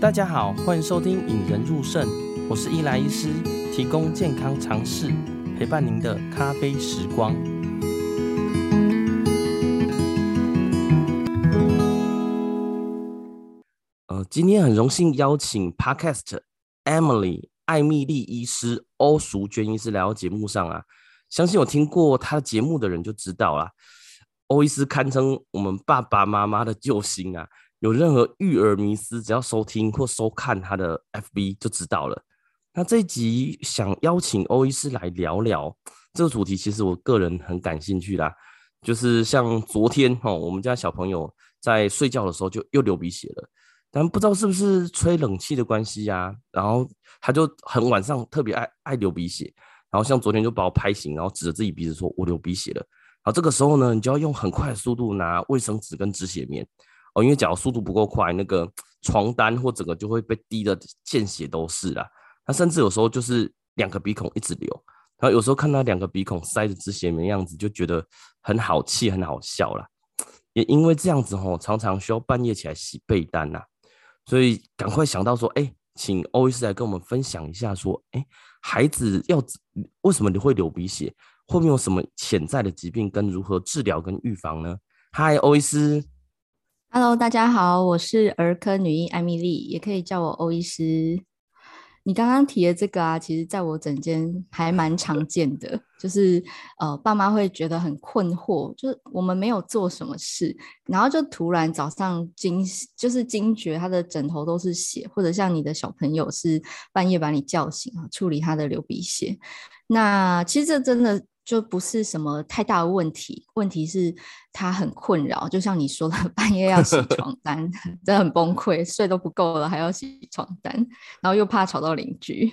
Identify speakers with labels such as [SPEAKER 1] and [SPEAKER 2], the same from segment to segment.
[SPEAKER 1] 大家好，歡迎收聽《引人入腎》，我是伊萊醫師，提供健康常識，陪伴您的咖啡時光。呃，今天很榮幸邀請 Podcast Emily 艾蜜莉醫師歐淑娟醫師來到節目上啊，相信有聽過她的節目的人就知道了，歐醫師堪稱我們爸爸媽媽的救星啊。有任何育兒迷思，只要收聽或收看他的 FB 就知道了。那這一集想邀請歐醫師來聊聊這個主題，其實我個人很感興趣啦。就是像昨天哈，我們家小朋友在睡覺的時候就又流鼻血了，但不知道是不是吹冷氣的關係呀，然後他就很晚上特別愛愛流鼻血，然後像昨天就把我拍醒，然後指着自己鼻子說：“我流鼻血了。”然後這個時候呢，你就要用很快的速度拿衛生紙跟止血棉。因為假如速度不夠快，那個床單或整個就會被滴的見血都是啦。那甚至有時候就是兩個鼻孔一直流，然後有時候看他兩個鼻孔塞着止血棉的樣子，就覺得很好氣很好笑了。也因為這樣子哦，常常需要半夜起來洗被單吶，所以趕快想到說，哎，請歐醫師來跟我們分享一下，說，哎，孩子要為什麼你會流鼻血，會不會有什麼潛在的疾病跟如何治療跟預防呢？嗨，歐醫師。
[SPEAKER 2] Hello，大家好，我是兒科女醫艾蜜莉，也可以叫我歐醫師。你剛剛提的這個啊，其實在我整間還蠻常見的，就是呃，爸媽會覺得很困惑，就是我們沒有做什麼事，然後就突然早上驚，就是驚覺他的枕頭都是血，或者像你的小朋友是半夜把你叫醒啊，處理他的流鼻血。那其實這真的。就不是什麼太大的問題，問題是他很困擾，就像你說的，半夜要洗床單，真的 很崩潰，睡都不夠了，還要洗床單，然後又怕吵到鄰居。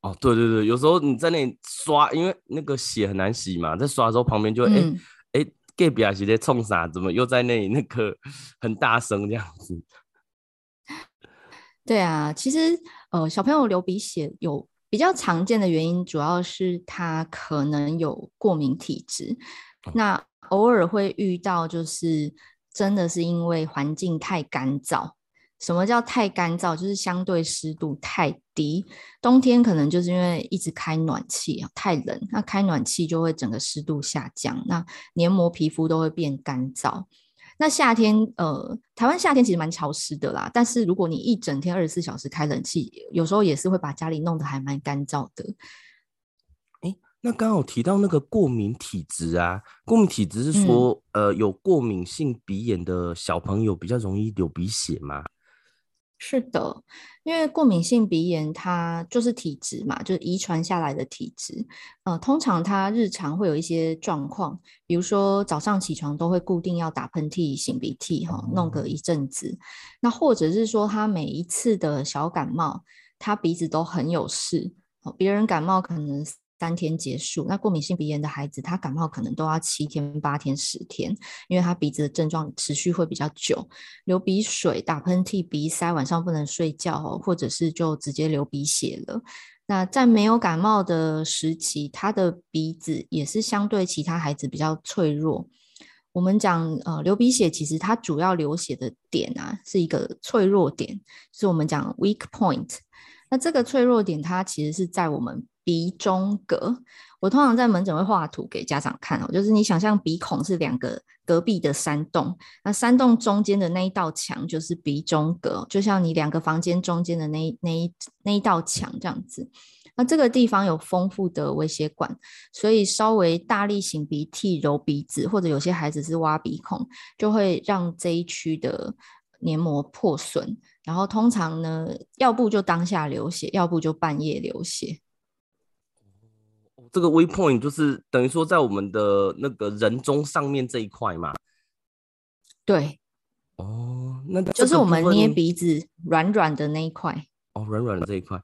[SPEAKER 1] 哦，對對對，有時候你在那裡刷，因為那個血很難洗嘛，在刷的時候旁邊就哎哎隔壁阿姐在沖啥？怎麼又在那裡那個很大聲這樣子？
[SPEAKER 2] 對啊，其實呃，小朋友流鼻血有。比較常見的原因主要是他可能有過敏體質，那偶爾會遇到就是真的是因為環境太乾燥。什麼叫太乾燥？就是相對濕度太低。冬天可能就是因為一直開暖氣，太冷，那開暖氣就會整個濕度下降，那黏膜皮膚都會變乾燥。那夏天，呃，台灣夏天其實蠻潮濕的啦。但是如果你一整天二十四小時開冷氣，有時候也是會把家裡弄得還蠻乾燥的。哎、欸，
[SPEAKER 1] 那剛好提到那個過敏體質啊，過敏體質是說，嗯、呃，有過敏性鼻炎的小朋友比較容易流鼻血嗎？
[SPEAKER 2] 是的，因為過敏性鼻炎它就是體質嘛，就是遺傳下來的體質。呃，通常他日常會有一些狀況，比如說早上起床都會固定要打噴嚏、擤鼻涕，哦，哈，弄個一陣子。嗯、那或者是說，他每一次的小感冒，他鼻子都很有事。哦，別人感冒可能。三天結束，那過敏性鼻炎的孩子，他感冒可能都要七天、八天、十天，因為他鼻子的症狀持續會比較久，流鼻水、打噴嚏、鼻塞，晚上不能睡覺哦，或者是就直接流鼻血了。那在沒有感冒的時期，他的鼻子也是相對其他孩子比較脆弱。我們講，呃，流鼻血其實它主要流血的點啊，是一個脆弱點，就是我們講 weak point。那這個脆弱點，它其實是在我們。鼻中隔，我通常在門診會畫圖給家長看哦，就是你想象鼻孔是兩個隔壁的山洞，那山洞中間的那一道牆就是鼻中隔，就像你兩個房間中間的那一那一那一道牆這樣子。那這個地方有豐富的微血管，所以稍微大力擤鼻涕、揉鼻子，或者有些孩子是挖鼻孔，就會讓這一區的黏膜破損，然後通常呢，要不就當下流血，要不就半夜流血。
[SPEAKER 1] 這個 weak point 就是等於說在我們的那個人中上面這一塊嘛，
[SPEAKER 2] 對，哦，那個就是我們捏鼻子軟軟的那一塊，
[SPEAKER 1] 哦，軟軟的這一塊，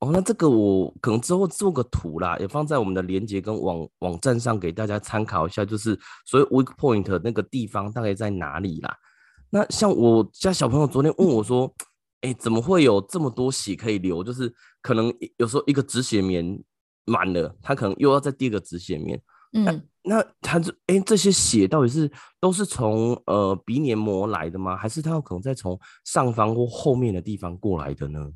[SPEAKER 1] 哦，那這個我可能之後做個圖啦，也放在我們的鏈接跟網網站上給大家參考一下，就是所謂 weak point 那個地方大概在哪裡啦？那像我家小朋友昨天問我說，哎、嗯欸，怎麼會有這麼多血可以流？就是可能有時候一個止血棉。滿了，他可能又要再滴一個止血棉。嗯、欸，那他這哎、欸，這些血到底是都是從呃鼻黏膜來的嗎？還是他有可能再從上方或後面的地方過來的呢？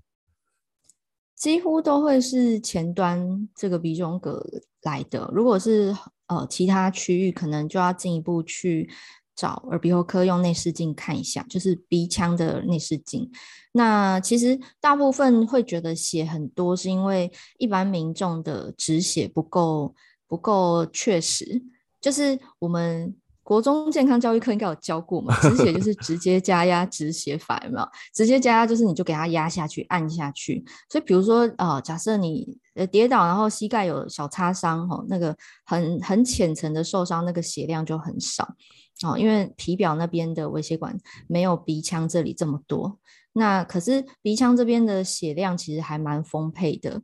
[SPEAKER 2] 幾乎都會是前端這個鼻中隔來的。如果是呃其他區域，可能就要進一步去。找耳鼻喉科用內視鏡看一下，就是鼻腔的內視鏡。那其實大部分會覺得血很多，是因為一般民眾的止血不夠不夠確實。就是我們國中健康教育課應該有教過嘛，止血就是直接加壓止血法嘛， 有沒有？直接加壓就是你就給它壓下去按下去。所以比如說啊、呃，假設你呃跌倒然後膝蓋有小擦傷，吼、哦，那個很很淺層的受傷，那個血量就很少。哦，因為皮表那邊的微血管沒有鼻腔這裡這麼多，那可是鼻腔這邊的血量其實還蠻豐沛的，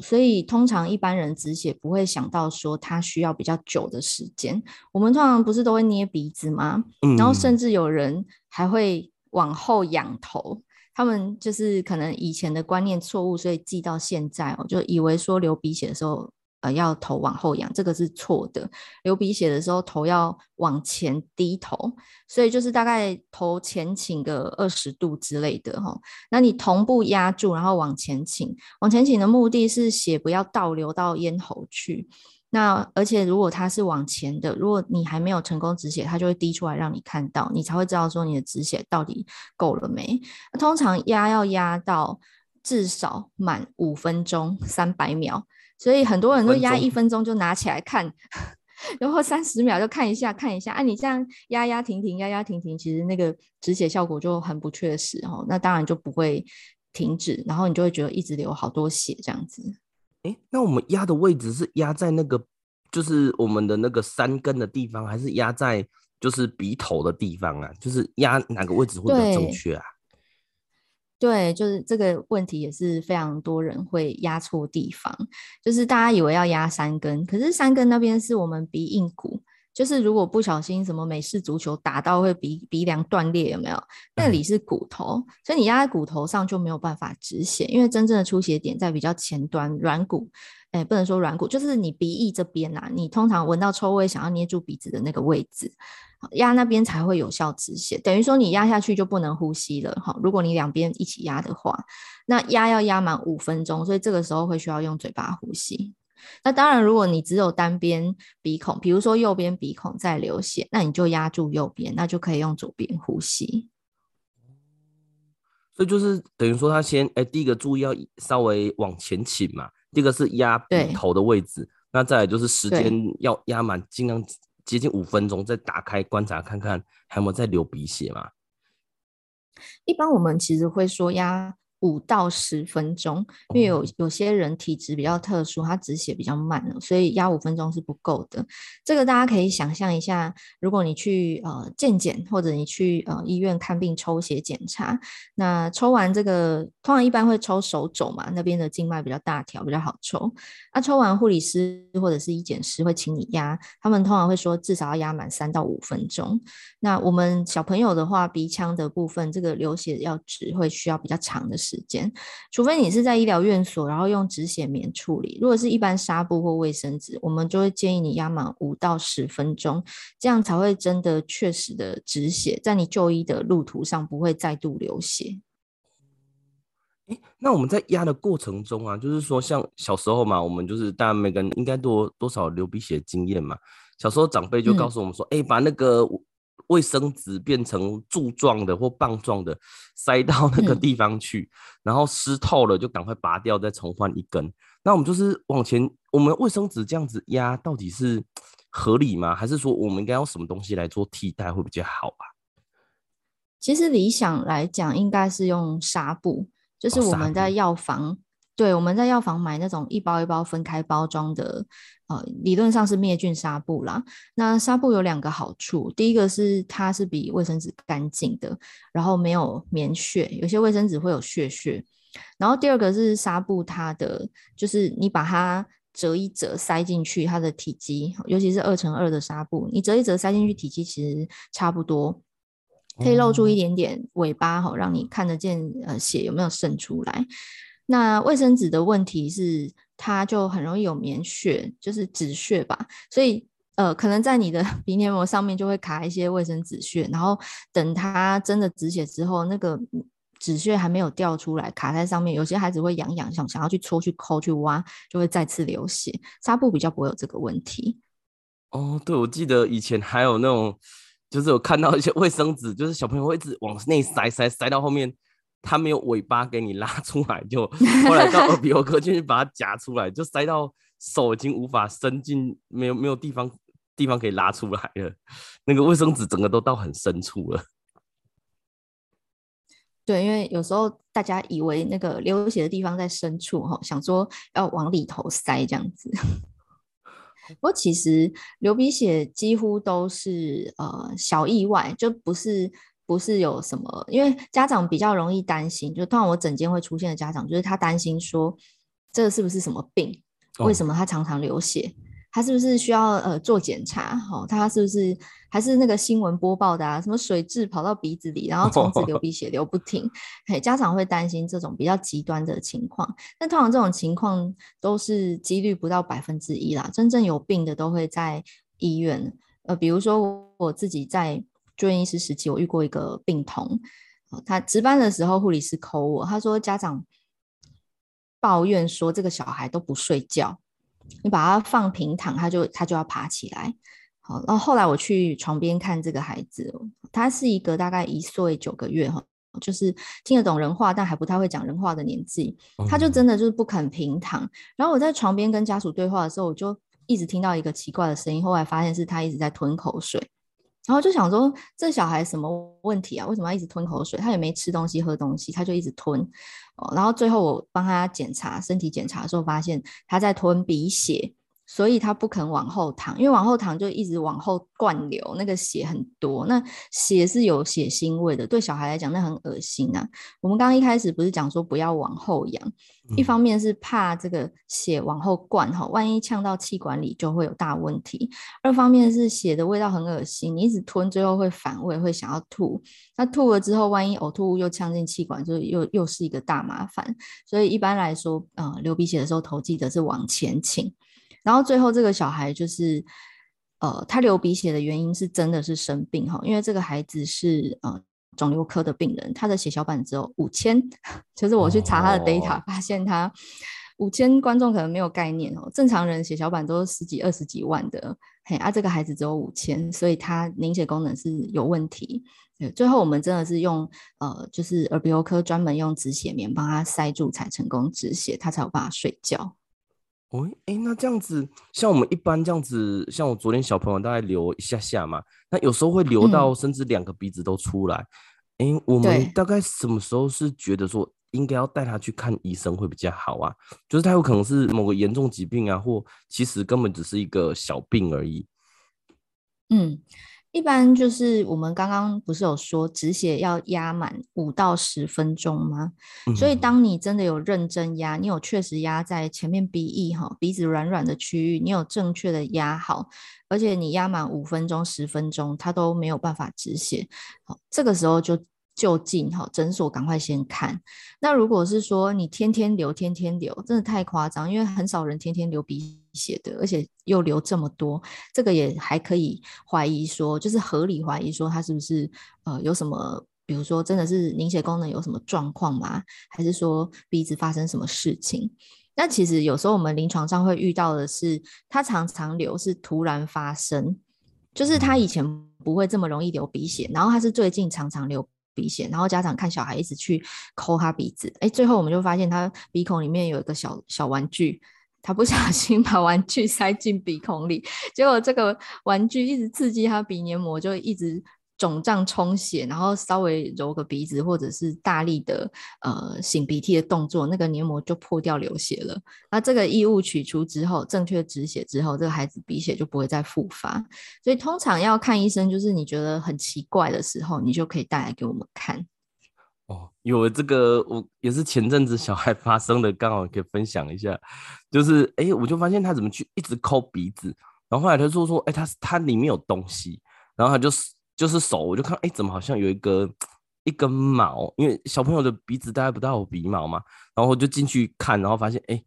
[SPEAKER 2] 所以通常一般人止血不會想到說它需要比較久的時間。我們通常不是都會捏鼻子嗎？然後甚至有人還會往後仰頭，嗯，他們就是可能以前的觀念錯誤，所以記到現在，哦，就以為說流鼻血的時候。要頭往後仰，這個是錯的。流鼻血的時候，頭要往前低頭，所以就是大概頭前傾個二十度之類的哈。那你同步壓住，然後往前傾。往前傾的目的是血不要倒流到咽喉去。那而且如果它是往前的，如果你還沒有成功止血，它就會滴出來讓你看到，你才會知道說你的止血到底夠了沒。通常壓要壓到。至少滿五分鐘三百秒，所以很多人都壓一分鐘就拿起來看，分鐘 然後三十秒就看一下看一下。一下啊你這樣壓壓停停，壓壓停停，其實那個止血效果就很不確實哦。那當然就不會停止，然後你就會覺得一直流好多血這樣子。
[SPEAKER 1] 誒、欸，那我們壓的位置是壓在那個就是我們的那個山根的地方，還是壓在就是鼻頭的地方啊？就是壓哪個位置會比較正確啊？
[SPEAKER 2] 對，就是這個問題也是非常多人會壓錯地方，就是大家以為要壓山根，可是山根那邊是我們鼻硬骨。就是如果不小心什麼美式足球打到會鼻鼻梁斷裂有沒有？嗯、那裡是骨頭，所以你壓在骨頭上就沒有辦法止血，因為真正的出血點在比較前端軟骨，哎、欸，不能說軟骨，就是你鼻翼這邊吶、啊，你通常聞到臭味想要捏住鼻子的那個位置，壓那邊才會有效止血。等於說你壓下去就不能呼吸了哈、哦。如果你兩邊一起壓的話，那壓要壓滿五分鐘，所以這個時候會需要用嘴巴呼吸。那當然，如果你只有單邊鼻孔，比如說右邊鼻孔在流血，那你就壓住右邊，那就可以用左邊呼吸。
[SPEAKER 1] 所以就是等於說，他先，誒、欸，第一個注意要稍微往前傾嘛，第一個是壓鼻頭的位置，對那再來就是時間要壓滿，盡對量接近五分鐘，再打開觀察看看還有沒有在流鼻血嘛。
[SPEAKER 2] 一般我們其實會說壓五到十分鐘，因為有有些人體質比較特殊，他止血比較慢，所以壓五分鐘是不夠的。這個大家可以想象一下，如果你去呃健檢或者你去呃醫院看病抽血檢查，那抽完這個通常一般會抽手肘嘛，那邊的靜脈比較大條，比較好抽。那、啊、抽完護理師或者是醫檢師會請你壓，他們通常會說至少要壓滿三到五分鐘。那我們小朋友的話，鼻腔的部分這個流血要止會需要比較長的時間時間，除非你是在醫療院所，然後用止血棉處理。如果是一般紗布或衛生紙，我們就會建議你壓滿五到十分鐘，這樣才會真的確實的止血，在你就醫的路途上不會再度流血。
[SPEAKER 1] 欸，那我們在壓的過程中啊，就是說像小時候嘛，我們就是大家每個人應該多多少流鼻血經驗嘛，小時候長輩就告訴我們說，哎，嗯，欸，把那個。衛生紙變成柱狀的或棒狀的，塞到那個地方去，嗯、然後濕透了就趕快拔掉，再重換一根。那我們就是往前，我們衛生紙這樣子壓，到底是合理嗎？還是說我們應該用什麼東西來做替代會比較好啊？
[SPEAKER 2] 其實理想來講，應該是用紗布，就是我們在藥房、哦。對，我們在藥房買那種一包一包分開包裝的，呃，理論上是滅菌紗布啦。那紗布有兩個好處，第一個是它是比衛生紙乾淨的，然後沒有棉屑，有些衛生紙會有屑屑。然後第二個是紗布，它的就是你把它折一折塞進去，它的體積，尤其是二乘二的紗布，你折一折塞進去，體積其實差不多，可以露出一點點尾巴吼，讓你看得見呃血有沒有滲出來。那衛生紙的問題是，它就很容易有棉屑，就是紙屑吧，所以呃，可能在你的鼻黏膜上面就會卡一些衛生紙屑，然後等它真的止血之後，那個紙屑還沒有掉出來，卡在上面，有些孩子會癢癢，想想要去搓去摳、去挖，就會再次流血。紗布比較不會有這個問題。
[SPEAKER 1] 哦，對，我記得以前還有那種，就是我看到一些衛生紙，就是小朋友會一直往內塞、塞、塞到後面。他沒有尾巴給你拉出來，就後來到耳鼻喉科就是把它夾出來， 就塞到手已經無法伸進，沒有沒有地方地方可以拉出來了。那個衛生紙整個都到很深處了。
[SPEAKER 2] 對，因為有時候大家以為那個流血的地方在深處齁，想說要往裡頭塞這樣子。 不過其實流鼻血幾乎都是呃小意外，就不是。不是有什麼，因為家長比較容易擔心，就通常我診間會出現的家長，就是他擔心說這是不是什麼病？為什麼他常常流血？哦、他是不是需要呃做檢查？好、哦，他是不是還是那個新聞播報的啊？什麼水蛭跑到鼻子裡，然後從此流鼻血流不停？哦、嘿，家長會擔心這種比較極端的情況，但通常這種情況都是幾率不到百分之一啦。真正有病的都會在醫院，呃，比如說我自己在。住院醫師時期，我遇過一個病童，他值班的時候，護理師 call 我，他說家長抱怨說這個小孩都不睡覺，你把他放平躺，他就他就要爬起來。好，然後後來我去床邊看這個孩子，他是一個大概一歲九個月，哈，就是聽得懂人話，但還不太會講人話的年紀。他就真的就是不肯平躺。嗯。然後我在床邊跟家屬對話的時候，我就一直聽到一個奇怪的聲音，後來發現是他一直在吞口水。然後就想說，這小孩什麼問題啊？為什麼要一直吞口水？他也沒吃東西、喝東西，他就一直吞。哦，然後最後我幫他檢查，身體檢查的時候，發現他在吞鼻血。所以他不肯往後躺，因為往後躺就一直往後灌流，那個血很多，那血是有血腥味的，對小孩來講那很噁心啊。我們剛剛一開始不是講說不要往後仰，一方面是怕這個血往後灌哈，萬一嗆到氣管裡就會有大問題；二方面是血的味道很噁心，你一直吞最後會反胃，會想要吐。那吐了之後，萬一嘔吐又嗆進氣管，就又又是一個大麻煩。所以一般來說，呃，流鼻血的時候頭記得是往前傾。然後最後這個小孩就是，呃，他流鼻血的原因是真的是生病哈，因為這個孩子是呃腫瘤科的病人，他的血小板只有五千，就是我去查他的 data、oh. 發現他五千觀眾可能沒有概念哦，正常人血小板都是十幾、二十幾萬的，嘿，啊這個孩子只有五千，所以他凝血功能是有問題。對。最後我們真的是用呃就是耳鼻喉科專門用止血棉幫他塞住才成功止血，他才有辦法睡覺。
[SPEAKER 1] 哦，哎、欸，那這樣子，像我們一般這樣子，像我昨天小朋友大概流一下下嘛，那有時候會流到甚至兩個鼻子都出來。哎、嗯欸，我們大概什麼時候是覺得說應該要帶他去看醫生會比較好啊？就是他有可能是某個嚴重疾病啊，或其實根本只是一個小病而已。
[SPEAKER 2] 嗯。一般就是我們剛剛不是有說止血要壓滿五到十分鐘嗎？嗯。所以當你真的有認真壓，你有確實壓在前面鼻翼哈鼻子軟軟的區域，你有正確的壓好，而且你壓滿五分鐘十分鐘，它都沒有辦法止血。好，這個時候就。就近哈診所趕快先看。那如果是說你天天流天天流，真的太誇張，因為很少人天天流鼻血的，而且又流這麼多，這個也還可以懷疑說，就是合理懷疑說他是不是呃有什麼，比如說真的是凝血功能有什麼狀況嗎？還是說鼻子發生什麼事情？那其實有時候我們臨床上會遇到的是，他常常流是突然發生，就是他以前不會這麼容易流鼻血，然後他是最近常常流。鼻血，然後家長看小孩一直去摳他鼻子，哎，最後我們就發現他鼻孔裡面有一個小小玩具，他不小心把玩具塞進鼻孔裡，結果這個玩具一直刺激他鼻黏膜，就一直。腫脹充血，然後稍微揉個鼻子，或者是大力的呃擤鼻涕的動作，那個黏膜就破掉流血了。那這個異物取出之後，正確止血之後，這個孩子鼻血就不會再復發。所以通常要看醫生，就是你覺得很奇怪的時候，你就可以帶來給我們看。
[SPEAKER 1] 哦，有這個我也是前陣子小孩發生的，剛好可以分享一下。就是哎、欸，我就發現他怎麼去一直摳鼻子，然後後來他就說，哎、欸，他他裡面有東西，然後他就就是手，我就看，哎，怎麼好像有一個一根毛？因為小朋友的鼻子大概不到鼻毛嘛。然後我就進去看，然後發現，哎，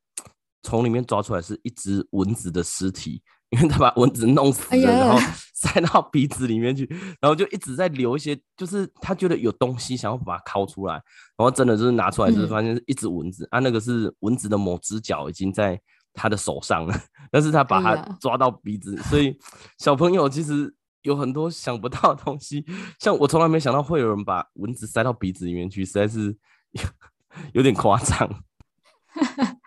[SPEAKER 1] 從裡面抓出來是一隻蚊子的屍體，因為他把蚊子弄死了，然後塞到鼻子裡面去，然後就一直在流一些，就是他覺得有東西想要把它摳出來，然後真的就是拿出來，就是發現是一隻蚊子啊，那個是蚊子的某隻腳已經在他的手上了，但是他把它抓到鼻子，所以小朋友其實。有很多想不到的東西，像我從來沒想到會有人把蚊子塞到鼻子裡面去，實在是有，有點誇張。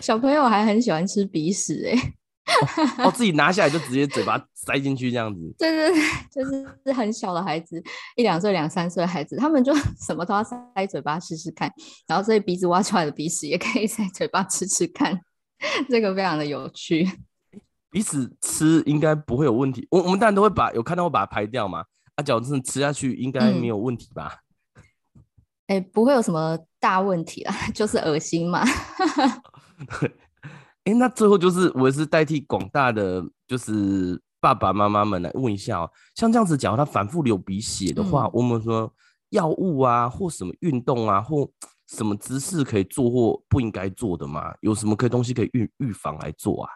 [SPEAKER 2] 小朋友還很喜歡吃鼻屎我、欸 哦哦，
[SPEAKER 1] 自己拿下來就直接嘴巴塞進去這樣子。
[SPEAKER 2] 對對對，就是是很小的孩子，一兩歲、兩三歲的孩子，他們就什麼都要塞嘴巴試試看，然後所以鼻子挖出來的鼻屎也可以在嘴巴吃吃看，這個非常的有
[SPEAKER 1] 趣。彼此吃應該不會有問題，我我們當然都會把有看到我把它排掉嘛。啊假如真的吃下去應該沒有問題吧？
[SPEAKER 2] 哎，不會有什麼大問題啦，啊，就是噁心嘛。
[SPEAKER 1] 哎，那最後就是我是代替廣大的就是爸爸媽媽們來問一下哦，喔，像這樣子講，他反復流鼻血的話，我們說藥物啊，或什麼運動啊，或什麼姿勢可以做或不應該做的嗎？有什麼可以東西可以預預防來做啊？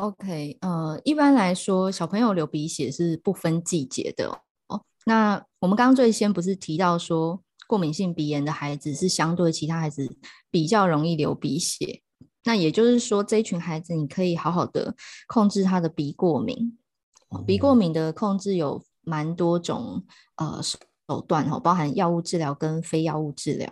[SPEAKER 2] OK，呃，一般來說，小朋友流鼻血是不分季節的哦。那我們剛剛最先不是提到說，過敏性鼻炎的孩子是相對其他孩子比較容易流鼻血。那也就是說，這一群孩子你可以好好的控制他的鼻過敏。嗯嗯。鼻過敏的控制有蠻多種呃手段哦，包含藥物治療跟非藥物治療。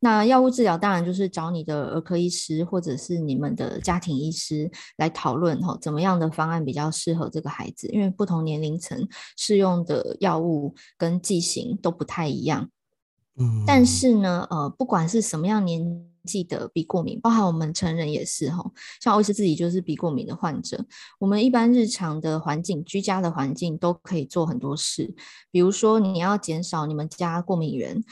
[SPEAKER 2] 那藥物治療當然就是找你的兒科醫師或者是你們的家庭醫師來討論、哦、怎麼樣的方案比較適合這個孩子，因為不同年齡層適用的藥物跟劑型都不太一樣。嗯、但是呢，呃，不管是什麼樣年紀的鼻過敏，包含我們成人也是、哦、像我是自己就是鼻過敏的患者，我們一般日常的環境、居家的環境都可以做很多事，比如說你要減少你們家過敏源。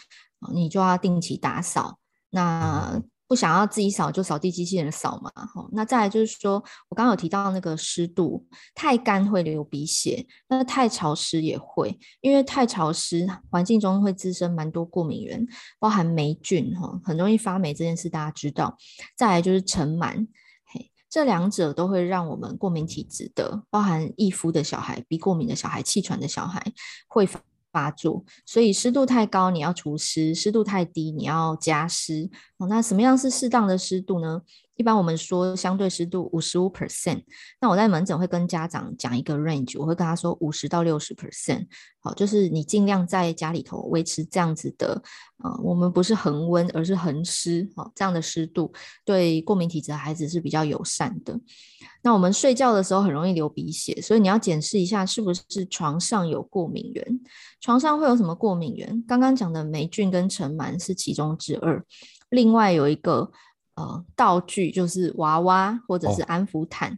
[SPEAKER 2] 你就要定期打掃，那不想要自己掃就掃地機器人掃嘛。好，那再來就是說我剛剛有提到那個濕度，太乾會流鼻血，那太潮濕也會，因為太潮濕環境中會滋生蠻多過敏源，包含黴菌哈，很容易發黴這件事大家知道。再來就是塵蟎，嘿，這兩者都會讓我們過敏體質的，包含易膚的小孩、鼻過敏的小孩、氣喘的小孩會發。發作，所以濕度太高你要除濕，濕度太低你要加濕。哦，那什麼樣是適當的濕度呢？一般我們說相對濕度五十五 percent，那我在門診會跟家長講一個 range，我會跟他說五十到六十 percent，好，就是你盡量在家裡頭維持這樣子的，呃，我們不是恆溫，而是恆濕，好，這樣的濕度對過敏體質的孩子是比較友善的。那我們睡覺的時候很容易流鼻血，所以你要檢視一下是不是床上有過敏原。床上會有什麼過敏原？剛剛講的霉菌跟塵蟎是其中之二，另外有一個。呃，道具就是娃娃或者是安撫毯，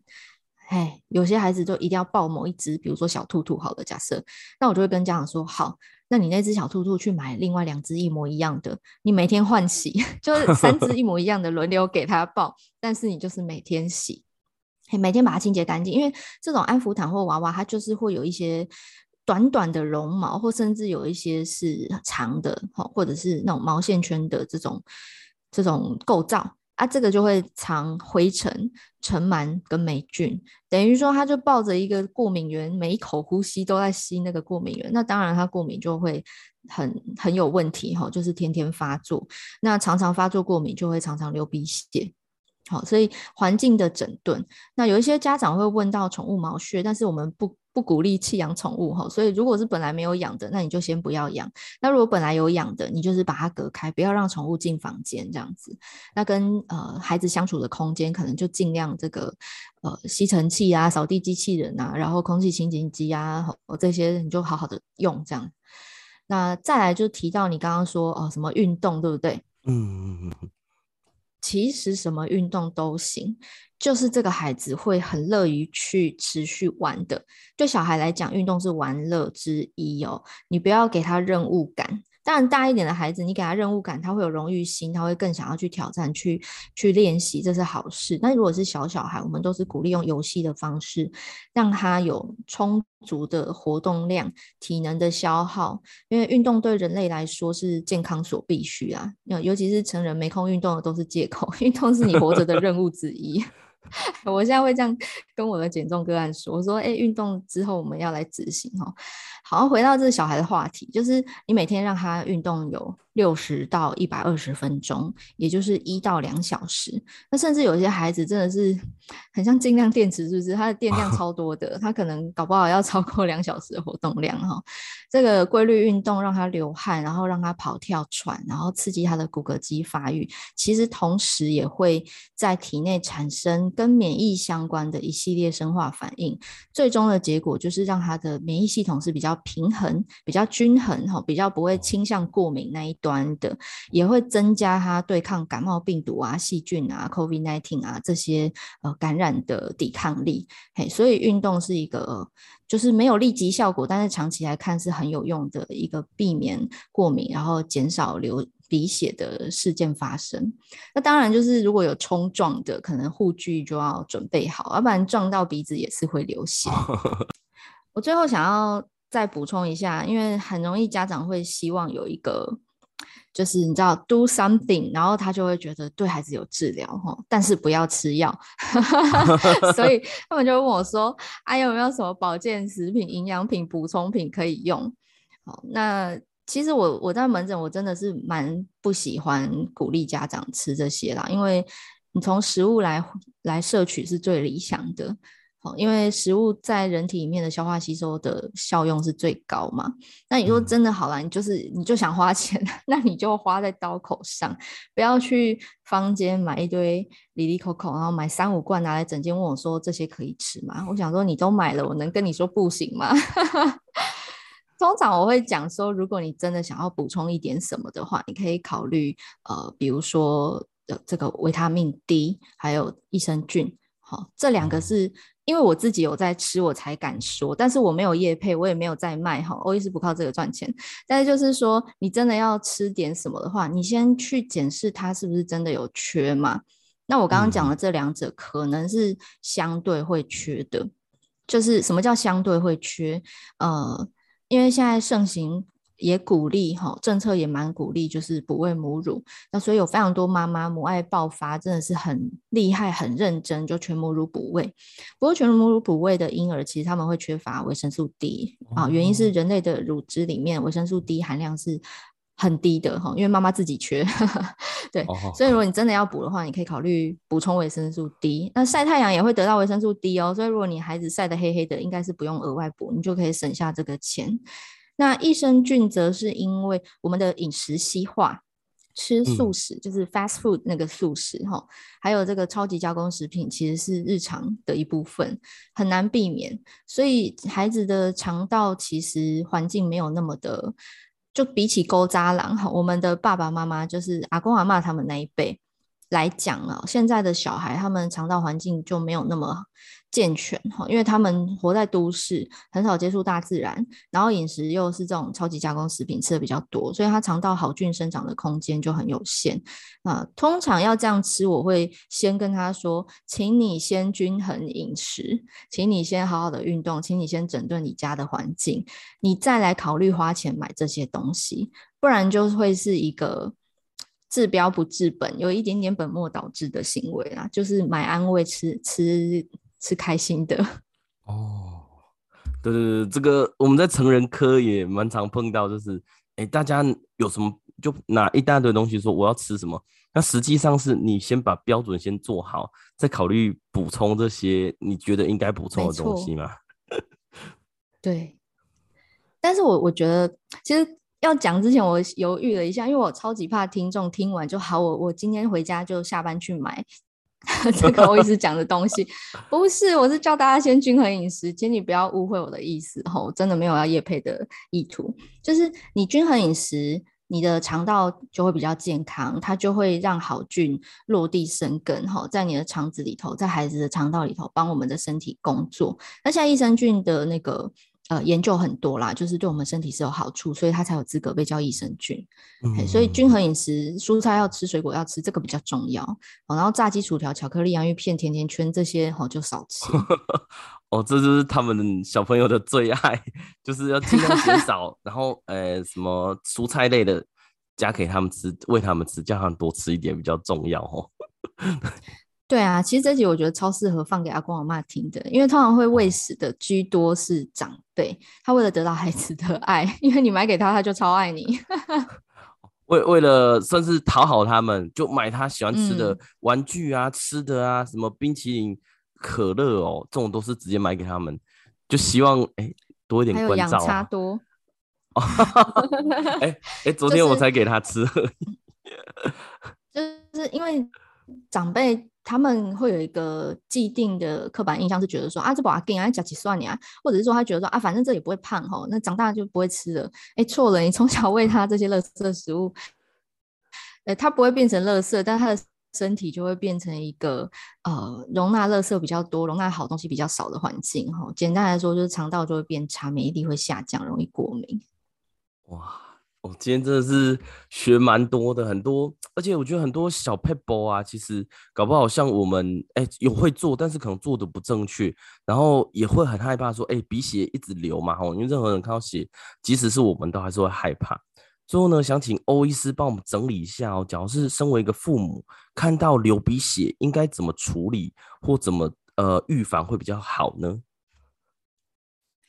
[SPEAKER 2] 哎、哦，有些孩子就一定要抱某一隻，比如說小兔兔。好的，假設那我就會跟家長說，好，那你那隻小兔兔去買另外兩隻一模一樣的，你每天換洗，就是三隻一模一樣的輪流給他抱， 但是你就是每天洗，嘿，每天把它清潔乾淨，因為這種安撫毯或娃娃，它就是會有一些短短的絨毛，或甚至有一些是長的，哦、或者是那種毛線圈的這種這種構造。啊，這個就會藏灰塵、塵蟎跟霉菌，等於說他就抱着一個過敏源，每一口呼吸都在吸那個過敏源，那當然他過敏就會很很有問題哈、哦，就是天天發作，那常常發作過敏就會常常流鼻血，好、哦，所以環境的整頓，那有一些家長會問到寵物毛屑，但是我們不。不鼓勵棄養寵物哈，所以如果是本來沒有養的，那你就先不要養。那如果本來有養的，你就是把它隔開，不要讓寵物進房間這樣子。那跟呃孩子相處的空間，可能就盡量這個呃吸塵器啊、掃地機器人啊，然後空氣清淨機啊這些，你就好好的用這樣。那再來就提到你剛剛說哦、呃，什麼運動對不對？嗯
[SPEAKER 1] 嗯
[SPEAKER 2] 嗯，其實什麼運動都行。就是這個孩子會很樂於去持續玩的。對小孩來講，運動是玩樂之一哦。你不要給他任務感。當然，大一點的孩子，你給他任務感，他會有榮譽心，他會更想要去挑戰、去去練習，這是好事。但如果是小小孩，我們都是鼓勵用遊戲的方式，讓他有充足的活動量、體能的消耗。因為運動對人類來說是健康所必須啊。尤其是成人沒空運動的都是借口，運動是你活着的任務之一。 我現在會這樣跟我的減重個案說：“我說，誒、欸、運動之後我們要來執行齁。好，回到這個小孩的話題，就是你每天讓他運動有。”六十到一百二十分鐘，也就是一到兩小時。那甚至有些孩子真的是很像勁量電池，是不是？他的電量超多的，啊、他可能搞不好要超過兩小時的活動量哈。這個規律運動讓他流汗，然後讓他跑、跳、喘，然後刺激他的骨骼肌發育。其實同時也會在體內產生跟免疫相關的一系列生化反應，最終的結果就是讓他的免疫系統是比較平衡、比較均衡哈，比較不會傾向過敏那一。端的也會增加他對抗感冒病毒啊、細菌啊、COVID-19 啊，這些呃感染的抵抗力。嘿，所以運動是一個就是沒有立即效果，但是長期來看是很有用的一個避免過敏，然後減少流鼻血的事件發生。那當然就是如果有衝撞的，可能護具就要準備好，要、啊、不然撞到鼻子也是會流血。 我最後想要再補充一下，因為很容易家長會希望有一個。就是你知道 do something，然後他就會覺得對孩子有治療，但是不要吃藥，所以他們就問我說：“哎，有沒有什麼保健食品、營養品、補充品可以用？”好，那其實我我在門診，我真的是蠻不喜歡鼓勵家長吃這些啦，因為你從食物來來攝取是最理想的。因為食物在人體裡面的消化吸收的效用是最高嘛，那你說真的好啦，你就是你就想花錢，那你就花在刀口上，不要去坊間買一堆里里口口，然後買三五罐拿來診間問我說這些可以吃嗎？我想說你都買了，我能跟你說不行嗎？ 通常我會講說，如果你真的想要補充一點什麼的話，你可以考慮呃，比如說、呃、這個維他命 D 還有益生菌，好、哦，這兩個是。因為我自己有在吃，我才敢說。但是我沒有業配，我也沒有在賣哈，我一直不靠這個賺錢。但是就是說，你真的要吃點什麼的話，你先去檢視它是不是真的有缺嘛。那我剛剛講的這兩者，可能是相對會缺的。嗯、就是什麼叫相對會缺？呃，因為現在盛行，也鼓勵哈，政策也蠻鼓勵，就是哺餵母乳。那所以有非常多媽媽母愛爆發，真的是很厲害、很認真，就全母乳哺餵。不過全母乳哺餵的嬰兒，其實他們會缺乏維生素 D 啊，嗯嗯。原因是人類的乳汁裡面維生素 D 含量是很低的哈，因為媽媽自己缺。 對，哦，所以如果你真的要補的話，你可以考慮補充維生素 D。那曬太陽也會得到維生素 D 哦，所以如果你孩子曬得黑黑的，應該是不用額外補，你就可以省下這個錢。那益生菌則是因為我們的飲食西化，吃素食、嗯、就是 fast food 那個素食哈，還有這個超級加工食品其實是日常的一部分，很難避免，所以孩子的腸道其實環境沒有那麼的，就比起古早人哈，我們的爸爸媽媽就是阿公阿嬤他們那一輩來講啊，現在的小孩他們腸道環境就沒有那麼健全，因為他們活在都市，很少接觸大自然，然後飲食又是這種超級加工食品吃的比較多，所以他腸道好菌生長的空間就很有限。啊、呃，通常要這樣吃，我會先跟他說：“請你先均衡飲食，請你先好好的運動，請你先整頓你家的環境，你再來考慮花錢買這些東西，不然就會是一個治標不治本，有一點點本末倒置的行為啦，就是買安慰吃吃。”是開心的哦，
[SPEAKER 1] 對對對，這個我們在成人科也蠻常碰到，就是哎，大家有什麼就拿一大堆東西說我要吃什麼，那實際上是你先把標準先做好，再考慮補充這些你覺得應該補充的東西嘛。
[SPEAKER 2] 對，但是我我覺得其實要講之前我猶豫了一下，因為我超級怕聽眾聽完就好，我我今天回家就下班去買。
[SPEAKER 1] 這個我一直
[SPEAKER 2] 講的東西不是，我是叫大家先均衡飲食，請你不要誤會我的意思吼，我真的沒有要業配的意圖，就是你均衡飲食，你的腸道就會比較健康，它就會讓好菌落地生根哈，在你的腸子裡頭，在孩子的腸道裡頭，幫我們的身體工作。那現在益生菌的那個。呃，研究很多啦，就是對我們身體是有好處，所以他才有資格被叫益生菌。嗯、okay, 所以均衡飲食，蔬菜要吃，水果要吃，這個比較重要。哦、然後炸雞、薯條、巧克力、洋芋片、甜甜圈這些，好、哦、就少吃。
[SPEAKER 1] 哦，這就是他們小朋友的最愛，就是要盡量減少。 然後，呃，什麼蔬菜類的加給他們吃，餵他們吃，叫他們多吃一點比較重要、哦。
[SPEAKER 2] 對啊，其實這集我覺得超適合放給阿公阿嬤聽的，因為通常會餵食的居多是長輩，Okay. 他為了得到孩子的愛，因為你買給他，他就超愛你。
[SPEAKER 1] 為為了算是討好他們，就買他喜歡吃的玩具啊、嗯、吃的啊、什麼冰淇淋、可樂哦，這種都是直接買給他們，就希望哎、欸、多一點關照、啊。還有養
[SPEAKER 2] 樂多。哈
[SPEAKER 1] 哈哈！哎、欸、哎，昨天我才給他吃。
[SPEAKER 2] 就是因為。長輩他們會有一個既定的刻板印象，是覺得說啊，這把阿金啊，加幾算了，或者是說他覺得說啊，反正這也不會胖哈、哦，那長大就不會吃了。哎，錯了，你從小餵他這些垃圾食物，哎，他不會變成垃圾，但他的身體就會變成一個呃，容納垃圾比較多、容納好東西比較少的環境哈、哦。簡單來說，就是腸道就會變差，免疫力會下降，容易過敏。
[SPEAKER 1] 哇！今天真的是學蠻多的，很多，而且我覺得很多小撇步啊，其實搞不好像我們，哎、欸，有會做，但是可能做的不正確，然後也會很害怕，說，哎、欸，鼻血一直流嘛，吼，因為任何人看到血，即使是我們，都還是會害怕。最後呢，想請歐醫師幫我們整理一下哦、喔，假如是身為一個父母，看到流鼻血，應該怎麼處理，或怎麼呃預防會比較好呢？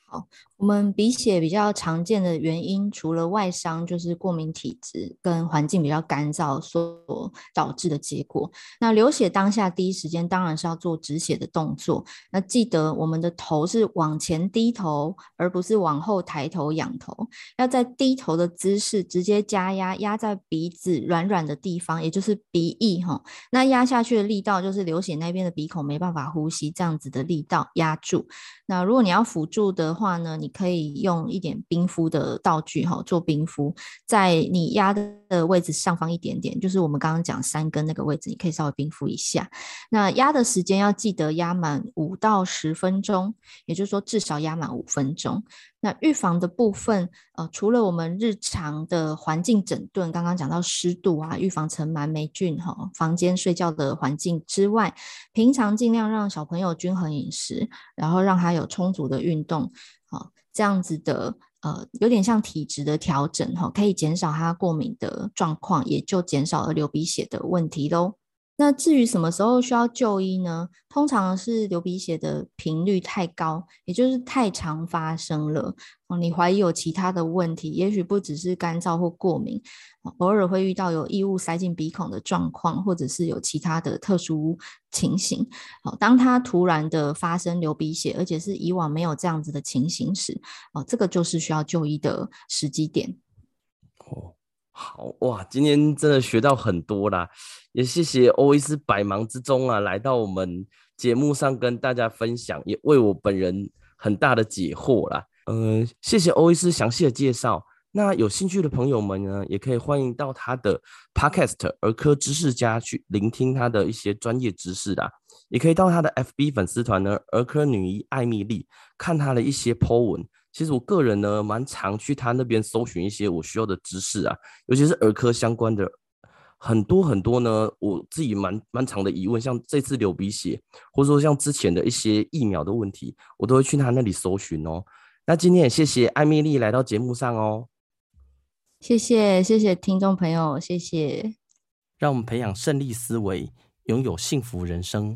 [SPEAKER 2] 好。我們鼻血比較常見的原因，除了外傷，就是過敏體質跟環境比較乾燥所導致的結果。那流血當下第一時間當然是要做止血的動作。那記得我們的頭是往前低頭，而不是往後抬頭仰頭。要在低頭的姿勢直接加壓，壓在鼻子軟軟的地方，也就是鼻翼吼。那壓下去的力道就是流血那邊的鼻孔沒辦法呼吸，這樣子的力道壓住。那如果你要輔助的話呢，你。你可以用一點冰敷的道具哈、哦，做冰敷，在你壓的位置上方一點點，就是我們剛剛講山根那個位置，你可以稍微冰敷一下。那壓的時間要記得壓滿五到十分鐘，也就是說至少壓滿五分鐘。那預防的部分，呃，除了我們日常的環境整頓，剛剛講到濕度啊，預防塵蟎、黴菌哈、哦，房間睡覺的環境之外，平常盡量讓小朋友均衡飲食，然後讓他有充足的運動。好，這樣子的，呃，有點像體質的調整哈、哦，可以減少他過敏的狀況，也就減少了流鼻血的問題嘍。那至於什麼時候需要就醫呢？通常是流鼻血的頻率太高，也就是太常發生了。哦，你懷疑有其他的問題，也許不只是乾燥或過敏。哦，偶爾會遇到有異物塞進鼻孔的狀況，或者是有其他的特殊情形。好，哦，當它突然的發生流鼻血，而且是以往沒有這樣子的情形時，哦，這個就是需要就醫的時機點。好。
[SPEAKER 1] 好哇，今天真的學到很多啦，也謝謝歐醫師百忙之中啊，來到我們節目上跟大家分享，也為我本人很大的解惑啦。嗯、呃，謝謝歐醫師詳細的介紹。那有興趣的朋友們呢，也可以歡迎到他的 podcast 兒科知識家去聆聽他的一些專業知識啦，也可以到他的 FB 粉絲團呢兒科女醫艾蜜莉看他的一些 Po 文。其實我個人呢，蠻常去他那邊搜尋一些我需要的知識啊，尤其是兒科相關的，很多很多呢，我自己蠻蠻常的疑問，像這次流鼻血，或者說像之前的一些疫苗的問題，我都會去他那裡搜尋哦。那今天也謝謝艾蜜莉來到節目上哦，
[SPEAKER 2] 謝謝謝謝聽眾朋友，謝謝，
[SPEAKER 1] 讓我們培養腎利思維，擁有幸福人生。